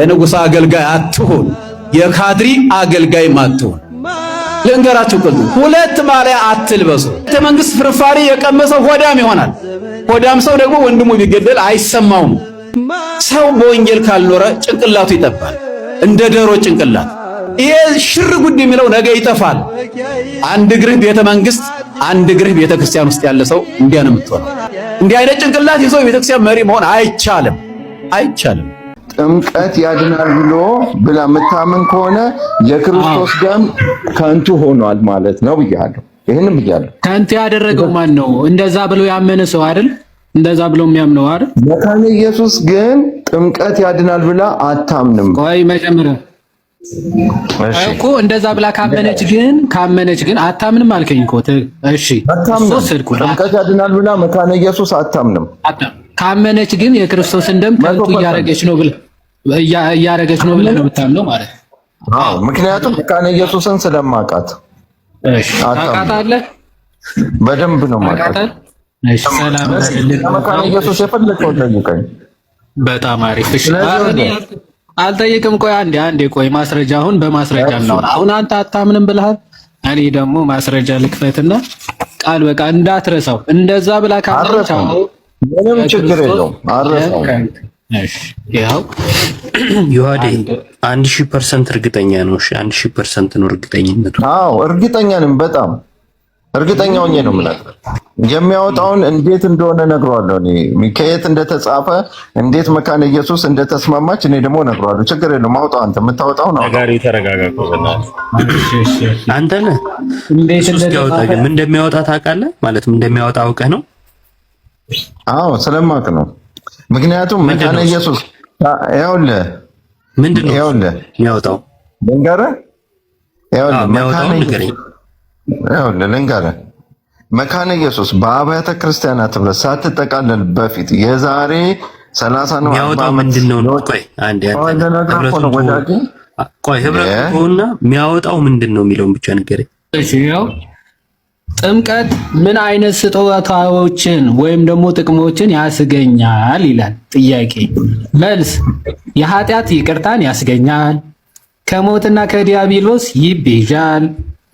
የንጉሥ አገልጋይ አትሁን፣ የካድሪ አገልጋይም አትሁን። ልንገራችሁ ቅጡ ሁለት ማሊያ አትልበሱ። ቤተ መንግሥት ፍርፋሪ የቀመሰ ሆዳም ይሆናል። ሆዳም ሰው ደግሞ ወንድሙ ቢገደል አይሰማውም። ሰው በወንጌል ካልኖረ ጭንቅላቱ ይጠፋል፣ እንደ ደሮ ጭንቅላት። ይሄ ሽር ጉድ የሚለው ነገ ይጠፋል። አንድ እግርህ ቤተ መንግሥት፣ አንድ እግርህ ቤተ ክርስቲያን ውስጥ ያለ ሰው እንዲያ ነው የምትሆነው። እንዲህ አይነት ጭንቅላት ይዞ የቤተ ክርስቲያን መሪ መሆን አይቻልም፣ አይቻልም። ጥምቀት ያድናል ብሎ ብላ የምታምን ከሆነ የክርስቶስ ደም ከንቱ ሆኗል ማለት ነው ብያለሁ። ይህንም ብያለሁ። ከንቱ ያደረገው ማን ነው? እንደዛ ብሎ ያመነ ሰው አይደል? እንደዛ ብሎ የሚያምነው አይደል? መካነ ኢየሱስ ግን ጥምቀት ያድናል ብላ አታምንም። ቆይ መጀመሪያ እኮ እንደዛ ብላ ካመነች ግን ካመነች ግን አታምንም አልከኝ እኮ። እሺ ጥምቀት ያድናል ብላ መካነ ኢየሱስ አታምንም። ካመነች ግን የክርስቶስን ደም ከንቱ እያደረገች ነው ብላ እያደረገች ነው ብለህ ነው የምታምነው ማለት ነው። አዎ ምክንያቱም መካነ ኢየሱስን ስለማውቃት ታውቃታለህ። በደንብ ነው የማውቃት። መካነ ኢየሱስ የፈለከው ጠይቀኝ። በጣም አሪፍ እሺ። አልጠይቅም። ቆይ አንዴ አንዴ ቆይ፣ ማስረጃ አሁን በማስረጃ ነው። አሁን አንተ አታምንም ብለሃል፣ እኔ ደግሞ ማስረጃ ልክፈትና ቃል በቃ እንዳትረሳው። እንደዛ ብላ ካለች ምንም ችግር የለውም። አረሳው ዮሐዴ አንድ ሺህ ፐርሰንት እርግጠኛ ነው። አንድ ሺህ ፐርሰንት ነው እርግጠኝነቱ። አዎ እርግጠኛ ነኝ፣ በጣም እርግጠኛ ሆኜ ነው የሚያወጣውን እንዴት እንደሆነ እነግረዋለሁ። እኔ ከየት እንደተጻፈ እንዴት መካነ ኢየሱስ እንደተስማማች እኔ ደግሞ እነግረዋለሁ። ችግር የለውም። አውጣው አንተ የምታወጣው ነው። አንተ ነህ እንደሚያወጣ ታውቃለህ። ማለትም እንደሚያወጣ አውቀህ ነው። አዎ ስለማውቅ ነው ምክንያቱም መካነ ኢየሱስ ያውለ ምንድን ነው ይኸውልህ የሚያወጣው ልንገርህ ያውለ መካነ ኢየሱስ ያውለ ልንገርህ መካነ ኢየሱስ በአብያተ ክርስቲያናት ህብረት ሳትጠቃለል በፊት የዛሬ ሰላሳ ነው የሚያወጣው ምንድን ነው? ቆይ አንዴ ቆይ ህብረቱ እና የሚያወጣው ምንድን ነው የሚለውን ብቻ ንገረኝ። እሺ ያው ጥምቀት ምን አይነት ስጦታዎችን ወይም ደግሞ ጥቅሞችን ያስገኛል? ይላል ጥያቄ። መልስ የኃጢአት ይቅርታን ያስገኛል፣ ከሞትና ከዲያብሎስ ይቤዣል።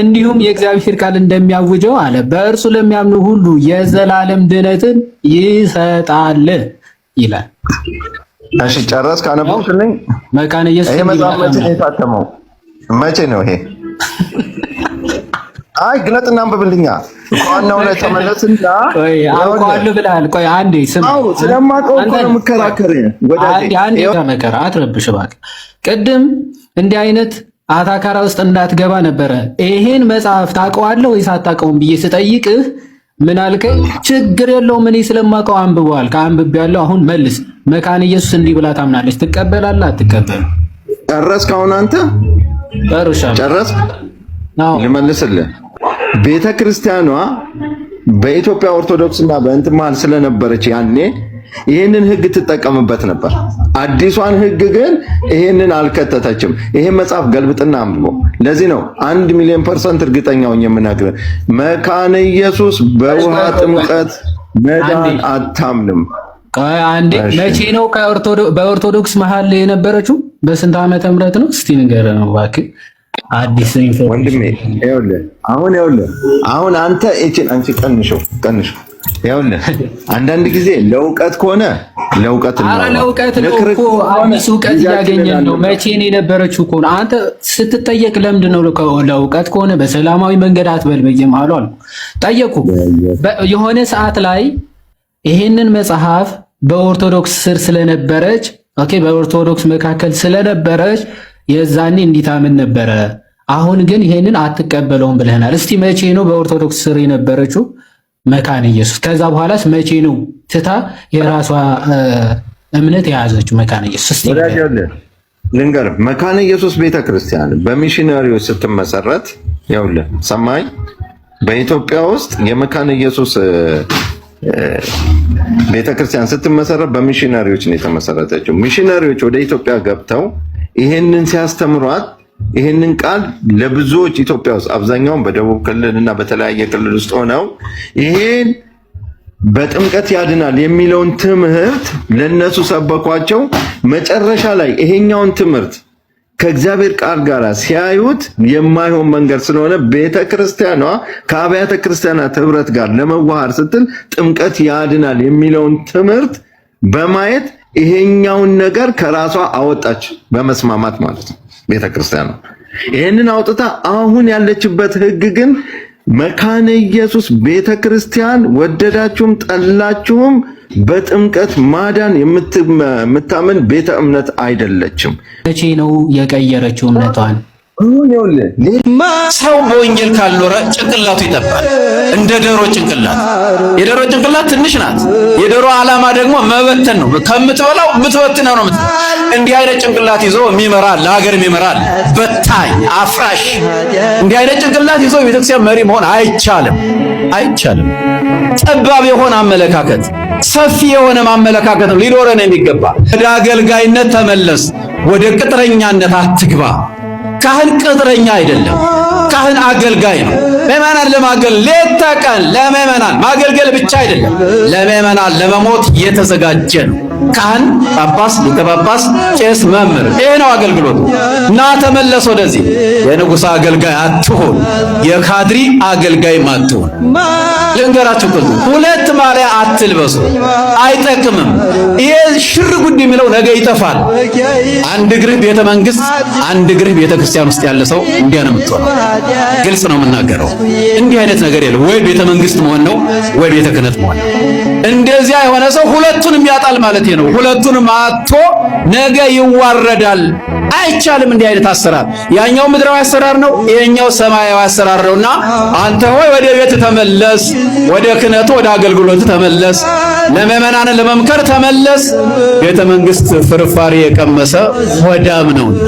እንዲሁም የእግዚአብሔር ቃል እንደሚያውጀው አለ በእርሱ ለሚያምኑ ሁሉ የዘላለም ድነትን ይሰጣል ይላል። እሺ ጨረስ ካነበብሽልኝ መካነ ኢየሱስ መቼ ነው የታተመው? መቼ ነው ይሄ አይ ግለጥና አንብብልኛ። ዋናው ላይ ተመለስና ቆይ አትረብሽ እባክህ። ቅድም እንዲህ አይነት አታካራ ውስጥ እንዳትገባ ነበረ። ይሄን መጽሐፍ ታውቀዋለህ ወይስ አታውቀውም ብዬ ስጠይቅህ ምን አልከኝ? ችግር የለውም እኔ ስለማውቀው አንብበዋል ከአንብብ ያለው አሁን መልስ። መካን ኢየሱስ እንዲህ ብላ ታምናለች፣ ትቀበላለህ? አትቀበል? ጨረስክ? አሁን አንተ ጨረስክ? ልመልስልህ ቤተ ክርስቲያኗ በኢትዮጵያ ኦርቶዶክስና እና በእንትን መሀል ስለነበረች ያኔ ይህንን ህግ ትጠቀምበት ነበር። አዲሷን ህግ ግን ይህንን አልከተተችም። ይሄን መጽሐፍ ገልብጥና አንብበው። ለዚህ ነው አንድ ሚሊዮን ፐርሰንት እርግጠኛ ሆኜ የምናግረን መካነ ኢየሱስ በውሃ ጥምቀት መዳን አታምንም። አንዴ መቼ ነው በኦርቶዶክስ መሀል የነበረችው? በስንት ዓመተ ምህረት ነው? እስቲ ንገረን እባክህ። አዲስ ወንድሜ ይኸውልህ፣ አሁን ይኸውልህ፣ አሁን አንተ እቺን አንቺ ቀንሽው ቀንሽው። ይኸውልህ አንዳንድ ጊዜ ለእውቀት ከሆነ ለእውቀት ነው። ኧረ ለእውቀት ነው እኮ አዲስ እውቀት እያገኘን ነው። መቼ ነው የነበረችው እኮ አንተ ስትጠየቅ ለምንድን ነው ለእውቀት ከሆነ በሰላማዊ መንገድ አትበል። በየመሀሉ አሉ ጠየቁ። የሆነ ሰዓት ላይ ይሄንን መጽሐፍ በኦርቶዶክስ ስር ስለነበረች ኦኬ፣ በኦርቶዶክስ መካከል ስለነበረች የዛኔ እንዲታምን ነበረ። አሁን ግን ይሄንን አትቀበለውም ብለናል። እስቲ መቼ ነው በኦርቶዶክስ ስር የነበረችው መካነ ኢየሱስ? ከዛ በኋላስ መቼ ነው ትታ የራሷ እምነት የያዘችው መካነ ኢየሱስ? ልንገርህ፣ መካነ ኢየሱስ ቤተክርስቲያን በሚሽነሪዎች ስትመሰረት ያውለ ሰማይ በኢትዮጵያ ውስጥ የመካነ ኢየሱስ ቤተክርስቲያን ስትመሰረት በሚሽነሪዎች ነው የተመሰረተችው። ሚሽነሪዎች ወደ ኢትዮጵያ ገብተው ይሄንን ሲያስተምሯት ይህንን ቃል ለብዙዎች ኢትዮጵያ ውስጥ አብዛኛውን በደቡብ ክልል እና በተለያየ ክልል ውስጥ ሆነው ይሄን በጥምቀት ያድናል የሚለውን ትምህርት ለነሱ ሰበኳቸው። መጨረሻ ላይ ይሄኛውን ትምህርት ከእግዚአብሔር ቃል ጋር ሲያዩት የማይሆን መንገድ ስለሆነ ቤተ ክርስቲያኗ ከአብያተ ክርስቲያናት ህብረት ጋር ለመዋሃር ስትል ጥምቀት ያድናል የሚለውን ትምህርት በማየት ይሄኛውን ነገር ከራሷ አወጣች በመስማማት ማለት ነው ቤተክርስቲያን ይህንን አውጥታ አሁን ያለችበት ህግ ግን መካነ ኢየሱስ ቤተክርስቲያን ወደዳችሁም ጠላችሁም በጥምቀት ማዳን የምታምን ቤተ እምነት አይደለችም መቼ ነው የቀየረችው እምነቷን ሰው በወንጌል ካልኖረ ጭንቅላቱ ይጠባል፣ እንደ ዶሮ ጭንቅላት። የዶሮ ጭንቅላት ትንሽ ናት። የዶሮ ዓላማ ደግሞ መበተን ነው። ከምትበላው የምትበትነው ነው። እንዲህ አይነት ጭንቅላት ይዞ የሚመራል፣ ለሀገር የሚመራ በታኝ አፍራሽ። እንዲህ አይነት ጭንቅላት ይዞ ቤተክርስቲያን መሪ መሆን አይቻልም፣ አይቻልም። ጠባብ የሆነ አመለካከት፣ ሰፊ የሆነ ማመለካከት ነው ሊኖረን የሚገባ። ወደ አገልጋይነት ተመለስ፣ ወደ ቅጥረኛነት አትግባ። ካህን ቅጥረኛ አይደለም። ካህን አገልጋይ ነው። ምእመናን ለማገል ሌት ተቀን ለምእመናን ማገልገል ብቻ አይደለም፣ ለምእመናን ለመሞት የተዘጋጀ ነው። ካህን፣ ጳጳስ፣ ሊቀ ጳጳስ፣ ቄስ፣ መምህር። ይሄ ነው አገልግሎት። እና ተመለስ ወደዚህ። የንጉሥ አገልጋይ አትሆን፣ የካድሪ አገልጋይም አትሆን። ልንገራችሁ እኮ ሁለት ማሊያ አትልበሱ፣ አይጠቅምም። ይሄ ሽር ጉድ የሚለው ነገ ይጠፋል። አንድ እግርህ ቤተ መንግስት፣ አንድ እግርህ ቤተ ክርስቲያን ውስጥ ያለ ሰው እንዲያ ነው የምትሆነው። ግልጽ ነው የምናገረው። እንዲህ አይነት ነገር የለም። ወይ ቤተ መንግስት መሆን ነው ወይ ቤተ ክህነት መሆን ነው። እንደዚያ የሆነ ሰው ሁለቱን የሚያጣል ማለት ነው። ነው። ሁለቱንም አጥቶ ነገ ይዋረዳል። አይቻልም። እንዲህ አይነት አሰራር ያኛው ምድራዊ አሰራር ነው፣ ይሄኛው ሰማያዊ አሰራር ነውና አንተ ሆይ ወደ ቤት ተመለስ፣ ወደ ክህነቱ ወደ አገልግሎት ተመለስ። ለምእመናን ለመምከር ተመለስ። ቤተ መንግስት ፍርፋሪ የቀመሰ ሆዳም ነውና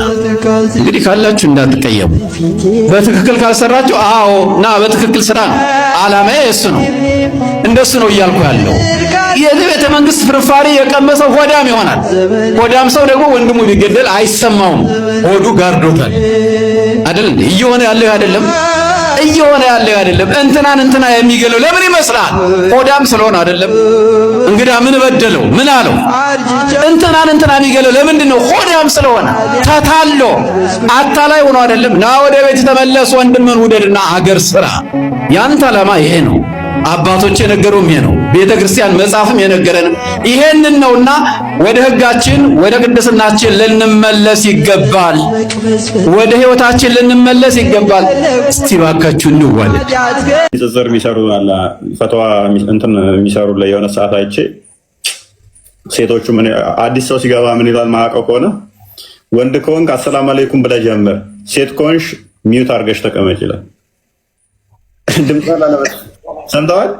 እንግዲህ ካላችሁ እንዳትቀየሙ። በትክክል ካልሰራችሁ፣ አዎ ና በትክክል ስራ ነው እሱ ነው እንደሱ ነው እያልኩ ያለው። የዚህ ቤተ መንግስት ፍርፋሪ የቀመሰ ሆዳም ይሆናል። ሆዳም ሰው ደግሞ ወንድሙ ቢገደል አይሰማውም፣ ሆዱ ጋርዶታል። አይደል እንዴ? እየሆነ ያለው አይደለም ስላለ አይደለም። እንትናን እንትና የሚገለው ለምን ይመስላል? ሆዳም ስለሆነ አይደለም። እንግዳ ምን በደለው? ምን አለው? እንትናን እንትና የሚገለው ለምንድን ነው? ሆዳም ስለሆነ ተታሎ አታላይ ሆኖ አይደለም። ና ወደ ቤት ተመለስ፣ ወንድምን ውደድና አገር ስራ። ያንተ ዓላማ ይሄ ነው። አባቶች የነገሩም ይሄ ነው። ቤተ ክርስቲያን መጽሐፍም የነገረንም ይሄንን ነውና ወደ ሕጋችን ወደ ቅድስናችን ልንመለስ ይገባል። ወደ ሕይወታችን ልንመለስ ይገባል። እስቲ ባካችሁ እንዋለድ። ንጽጽር የሚሰሩ አለ ፈተዋ እንትን የሚሰሩ ላይ የሆነ ሰዓት አይቼ ሴቶቹ ምን አዲስ ሰው ሲገባ ምን ይላል ማያውቀው ከሆነ ወንድ ከሆንክ አሰላም አለይኩም ብለህ ጀምር፣ ሴት ከሆንሽ ሚዩት አድርገሽ ተቀመጭ ይላል። ድምፅ ሰምተዋል?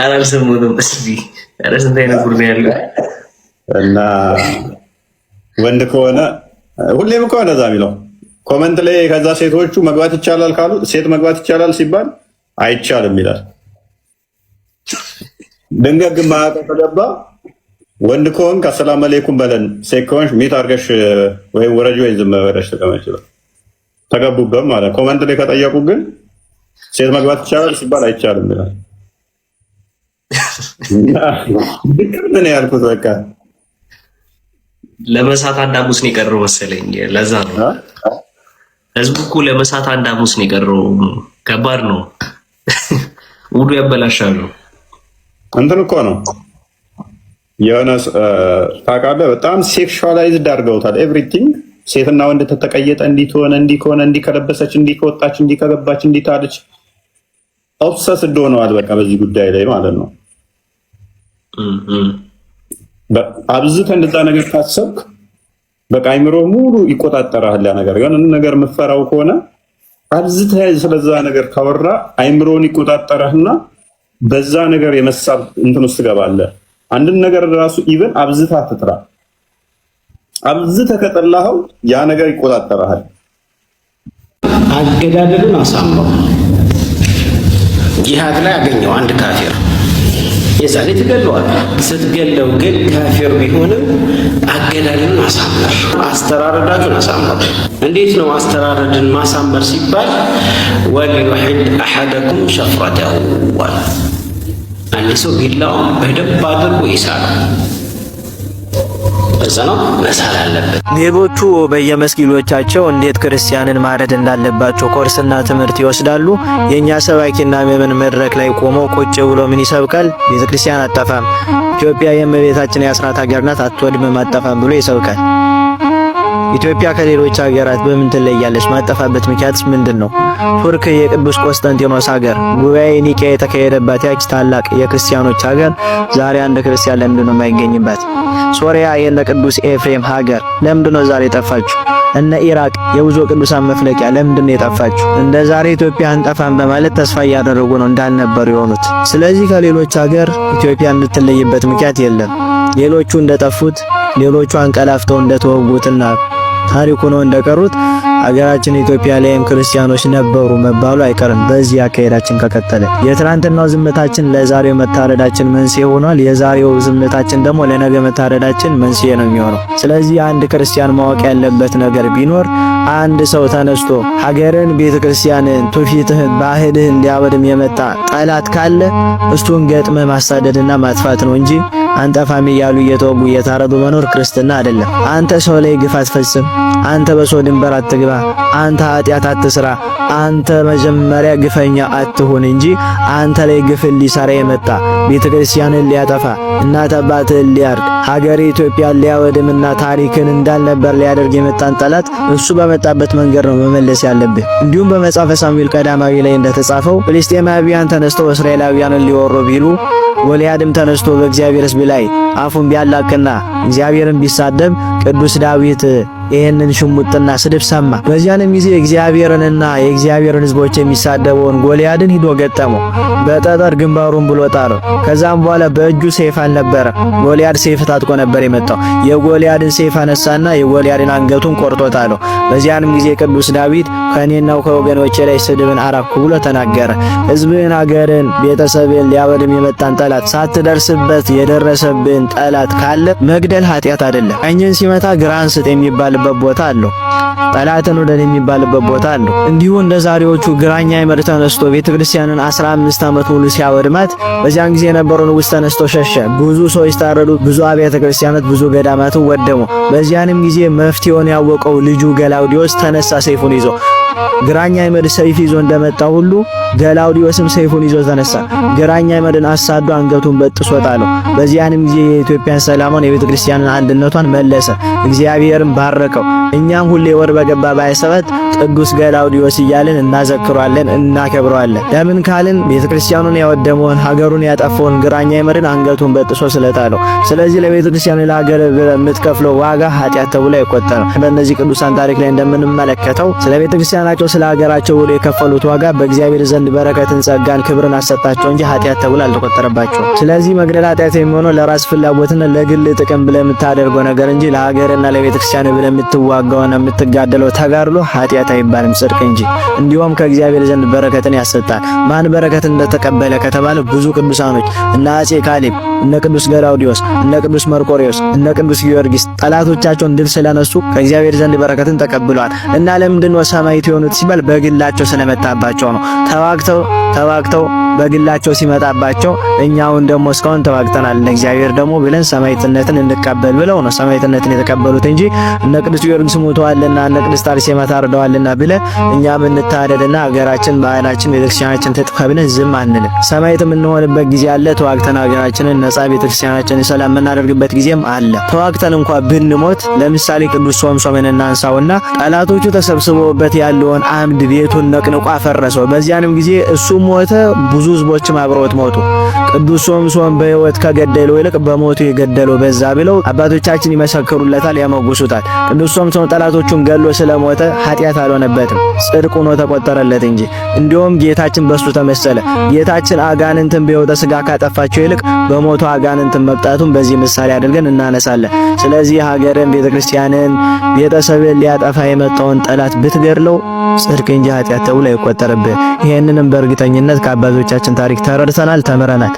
ኧረ አልሰማሁትም። እስኪ ኧረ ስንት አይነት ጉድ ነው ያለው። እና ወንድ ከሆነ ሁሌም እኮ እንደዛ የሚለው ኮመንት ላይ ከዛ ሴቶቹ መግባት ይቻላል ካሉ ሴት መግባት ይቻላል ሲባል አይቻልም ይላል። ድንገት ግን ማዕቀብ ተገባ። ወንድ ከሆን ከሰላም አለይኩም በለን፣ ሴት ከሆንሽ ሚት አድርገሽ ወይም ወረጅ ወይ ዝም በለሽ ተቀመጭ። ተገቡበት ማለት ኮመንት ላይ ከጠየቁ ግን ሴት መግባት ይቻላል ሲባል አይቻልም ይላል። ድቅም ነው ያልኩት። በቃ ለመሳት አንድ ሐሙስ ነው የቀረው መሰለኝ። ለዛ ነው ህዝቡ እኮ ለመሳት አንድ ሐሙስ ነው የቀረው። ከባድ ነው። ውዱ ያበላሻሉ። እንትን እኮ ነው የሆነ ታውቃለህ፣ በጣም ሴክሹዋላይዝድ አድርገውታል ኤቭሪቲንግ ሴትና ወንድ ተተቀየጠ፣ እንዲህ ትሆነ፣ እንዲህ ከሆነ፣ እንዲህ ከለበሰች፣ እንዲህ ከወጣች፣ እንዲህ ከገባች፣ እንዲህ ታለች። ኦብሰስ እንደሆነዋል በቃ በዚህ ጉዳይ ላይ ማለት ነው። አብዝተ እንደዛ ነገር ካሰብክ በቃ አይምሮ ሙሉ ይቆጣጠራል ያ ነገር። ግን ነገር የምፈራው ከሆነ አብዝተ ስለዛ ነገር ካወራ አይምሮን ይቆጣጠራህና በዛ ነገር የመሳብ እንትን ውስጥ ትገባለህ። አንድን ነገር ራሱ ኢቨን አብዝታ ትጥራ አብዝተህ ከጠላኸው ያ ነገር ይቆጣጠረሃል። አገዳደሉን አሳምረው። ጂሃድ ላይ አገኘው አንድ ካፊር የዛኔ ትገለዋል። ስትገለው ግን ካፊር ቢሆንም አገዳደሉን አሳምር፣ አስተራረዳችሁን አሳምር። እንዴት ነው አስተራረድን ማሳመር ሲባል ወልዩሕድ አሐደኩም ሸፍረተሁ አንድ ሰው ቢላውን በደንብ አድርጎ ይሳል። ተጽዕኖ መሳል አለበት። ሌቦቹ በየመስጊዶቻቸው እንዴት ክርስቲያንን ማረድ እንዳለባቸው ኮርስና ትምህርት ይወስዳሉ። የእኛ ሰባኪና መምን መድረክ ላይ ቆሞ ቁጭ ብሎ ምን ይሰብካል? ቤተክርስቲያን አጠፋም፣ ኢትዮጵያ የእመቤታችን የአስራት ሀገር ናት፣ አትወድምም፣ አጠፋም ብሎ ይሰብካል። ኢትዮጵያ ከሌሎች ሀገራት በምን ትለያለች? ማጠፋበት ምክንያትስ ምንድን ነው? ቱርክ የቅዱስ ቆስጠንጢኖስ ሀገር፣ ጉባኤ ኒቄ የተካሄደባት ያች ታላቅ የክርስቲያኖች ሀገር ዛሬ አንድ ክርስቲያን ለምንድን ነው የማይገኝባት? ሶሪያ የነ ቅዱስ ኤፍሬም ሀገር ለምንድን ነው ዛሬ ጠፋችሁ? እነ ኢራቅ የብዙ ቅዱሳን መፍለቂያ ለምንድን ነው የጠፋችሁ? እንደ ዛሬ ኢትዮጵያ አንጠፋም በማለት ተስፋ እያደረጉ ነው እንዳልነበሩ የሆኑት። ስለዚህ ከሌሎች ሀገር ኢትዮጵያ የምትለይበት ምክንያት የለም። ሌሎቹ እንደጠፉት ሌሎቹ አንቀላፍተው እንደተወጉትና ታሪክ ሆኖ እንደቀሩት አገራችን ኢትዮጵያ ላይም ክርስቲያኖች ነበሩ መባሉ አይቀርም። በዚህ አካሄዳችን ከቀጠለ የትናንትናው ዝምታችን ለዛሬው መታረዳችን መንስኤ ሆኗል። የዛሬው ዝምታችን ደግሞ ለነገ መታረዳችን መንስኤ ነው የሚሆነው። ስለዚህ አንድ ክርስቲያን ማወቅ ያለበት ነገር ቢኖር አንድ ሰው ተነስቶ ሀገርን፣ ቤተ ክርስቲያንን፣ ትውፊትህን፣ ባህልህን ሊያወድም የመጣ ጠላት ካለ እሱን ገጥመ ማሳደድና ማጥፋት ነው እንጂ አንጠፋም እያሉ እየተወጉ እየታረዱ መኖር ክርስትና አይደለም። አንተ ሰው ላይ ግፍ አትፈጽም፣ አንተ በሰው ድንበር አትግባ፣ አንተ ኃጢአት አትስራ፣ አንተ መጀመሪያ ግፈኛ አትሁን እንጂ አንተ ላይ ግፍን ሊሰራ የመጣ ቤተ ክርስቲያንን ሊያጠፋ እናት አባትህን ሊያርድ ሀገሬ ኢትዮጵያን ሊያወድምና ታሪክን እንዳልነበር ሊያደርግ የመጣን ጠላት እሱ በመጣበት መንገድ ነው መመለስ ያለብህ። እንዲሁም በመጽሐፈ ሳሙኤል ቀዳማዊ ላይ እንደተጻፈው ፍልስጤማውያን ተነስተው እስራኤላውያንን ሊወሩ ቢሉ ጎልያድም ተነስቶ በእግዚአብሔር ሕዝብ ላይ አፉን ቢያላቅና እግዚአብሔርን ቢሳደብ ቅዱስ ዳዊት ይህንን ሽሙጥና ስድብ ሰማ። በዚያንም ጊዜ እግዚአብሔርንና የእግዚአብሔርን ሕዝቦች የሚሳደበውን ጎልያድን ሂዶ ገጠመው። በጠጠር ግንባሩን ብሎ ጣለው። ከዛም በኋላ በእጁ ሰይፍ አልነበረ። ጎልያድ ሰይፍ ታጥቆ ነበር የመጣው። የጎልያድን ሰይፍ አነሳና የጎልያድን አንገቱን ቆርጦ ጣለው። በዚያንም ጊዜ ቅዱስ ዳዊት ከእኔናው ከወገኖቼ ላይ ስድብን አራኩ ብሎ ተናገረ። ሕዝብን፣ አገርን፣ ቤተሰብን ሊያወድም የመጣን ጠላት ሳትደርስበት የደረሰብን ጠላት ካለ መግደል ኃጢአት አይደለም። ቀኝን ሲመታ ግራን ስጥ የሚባል የሚባልበት ቦታ አለው። ጠላትን ውደድ የሚባልበት ቦታ አለው። እንዲሁ እንደ ዛሬዎቹ ግራኛ ይመር ተነስቶ ቤተ ክርስቲያንን 15 ዓመት ሙሉ ሲያወድማት በዚያን ጊዜ የነበሩ ንጉሥ ተነስቶ ሸሸ። ብዙ ሰዎች ታረዱ፣ ብዙ አብያተ ክርስቲያናት፣ ብዙ ገዳማትን ወደሙ። በዚያንም ጊዜ መፍትሄውን ያወቀው ልጁ ገላውዲዮስ ተነሳ ሰይፉን ይዞ ግራኝ አዕመድ ሰይፍ ይዞ እንደመጣ ሁሉ ገላውዲዮስም ሰይፉን ይዞ ተነሳ። ግራኝ አዕመድን አሳዶ አንገቱን በጥሶ ጣለው። በዚያንም ጊዜ የኢትዮጵያን ሰላሟን፣ የቤተ ክርስቲያንን አንድነቷን መለሰ። እግዚአብሔርም ባረከው። እኛም ሁሌ ወር በገባ ባይሰበት ቅዱስ ገላውዲዮስ እያልን እናዘክሯለን፣ እናከብረዋለን። ለምን ካልን ቤተ ክርስቲያኑን ያወደመውን ሀገሩን ያጠፈውን ግራኝ አዕመድን አንገቱን በጥሶ ስለጣለው። ስለዚህ ለቤተ ክርስቲያኑ ለሀገር የምትከፍለው ዋጋ ኃጢአት ተብሎ አይቆጠርም። በእነዚህ ቅዱሳን ታሪክ ላይ እንደምንመለከተው ስለ ቤተ ክርስቲያን ናቸው ስለ ሀገራቸው ብሎ የከፈሉት ዋጋ በእግዚአብሔር ዘንድ በረከትን፣ ጸጋን፣ ክብርን አሰጣቸው እንጂ ኃጢአት ተብሎ አልተቆጠረባቸው። ስለዚህ መግደል ኃጢአት የሚሆነው ለራስ ፍላጎትና ለግል ጥቅም ብለህ የምታደርገው ነገር እንጂ ለሀገርና ለቤተክርስቲያን ብለህ የምትዋጋውና የምትጋደለው ተጋድሎ ኃጢአት አይባልም ጽድቅ እንጂ። እንዲሁም ከእግዚአብሔር ዘንድ በረከትን ያሰጣል። ማን በረከት እንደተቀበለ ከተባለ ብዙ ቅዱሳኖች እነ አጼ ካሌብ፣ እነ ቅዱስ ገላውዲዮስ፣ እነ ቅዱስ መርቆሬዎስ፣ እነ ቅዱስ ጊዮርጊስ ጠላቶቻቸውን ድል ስለነሱ ከእግዚአብሔር ዘንድ በረከትን ተቀብለዋል እና ለምንድን ነው የሆኑት ሲባል በግላቸው ስለመጣባቸው ነው። ተዋግተው ተዋግተው በግላቸው ሲመጣባቸው እኛውን ደግሞ እስካሁን ተዋግተናል ለእግዚአብሔር ደግሞ ብለን ሰማይትነትን እንቀበል ብለው ነው ሰማይትነትን የተቀበሉት እንጂ እነ ቅዱስ ጊዮርጊስ ሙተዋልና እነ ቅድስት አርሴማ ታርደዋልና ብለን እኛ ብንታደድና ሀገራችን፣ ባህላችን፣ ቤተክርስቲያናችን ተጥፋ ብለን ዝም አንልም። ሰማዕት የምንሆንበት ጊዜ አለ። ተዋግተን ሀገራችንን ነጻ ቤተክርስቲያናችን ሰላም የምናደርግበት ጊዜም አለ። ተዋግተን እንኳ ብንሞት ለምሳሌ ቅዱስ ሶምሶንን እናንሳውና ጠላቶቹ ተሰብስበውበት ያሉ ያለውን አምድ ቤቱን ነቅንቆ አፈረሰው። በዚያንም ጊዜ እሱ ሞተ፣ ብዙ ህዝቦችም አብረውት ሞቱ። ቅዱስ ሶምሶን በህይወት ከገደለው ይልቅ በሞቱ የገደለው በዛ ብለው አባቶቻችን ይመሰክሩለታል፣ ያመጉሱታል። ቅዱስ ሶምሶን ጠላቶቹን ገሎ ስለሞተ ኃጢአት አልሆነበትም፣ ጽድቅ ሆኖ ተቆጠረለት እንጂ። እንዲሁም ጌታችን በሱ ተመሰለ። ጌታችን አጋንንትን በህይወተ ስጋ ካጠፋቸው ይልቅ በሞቱ አጋንንትን መቅጣቱን በዚህ ምሳሌ አድርገን እናነሳለን። ስለዚህ ሀገርን፣ ቤተክርስቲያንን፣ ቤተሰብን ሊያጠፋ የመጣውን ጠላት ብትገድለው ጽድቅ እንጂ ኃጢአት ተብሎ አይቆጠርብህ። ይህንንም በእርግጠኝነት ከአባቶቻችን ታሪክ ተረድተናል፣ ተምረናል።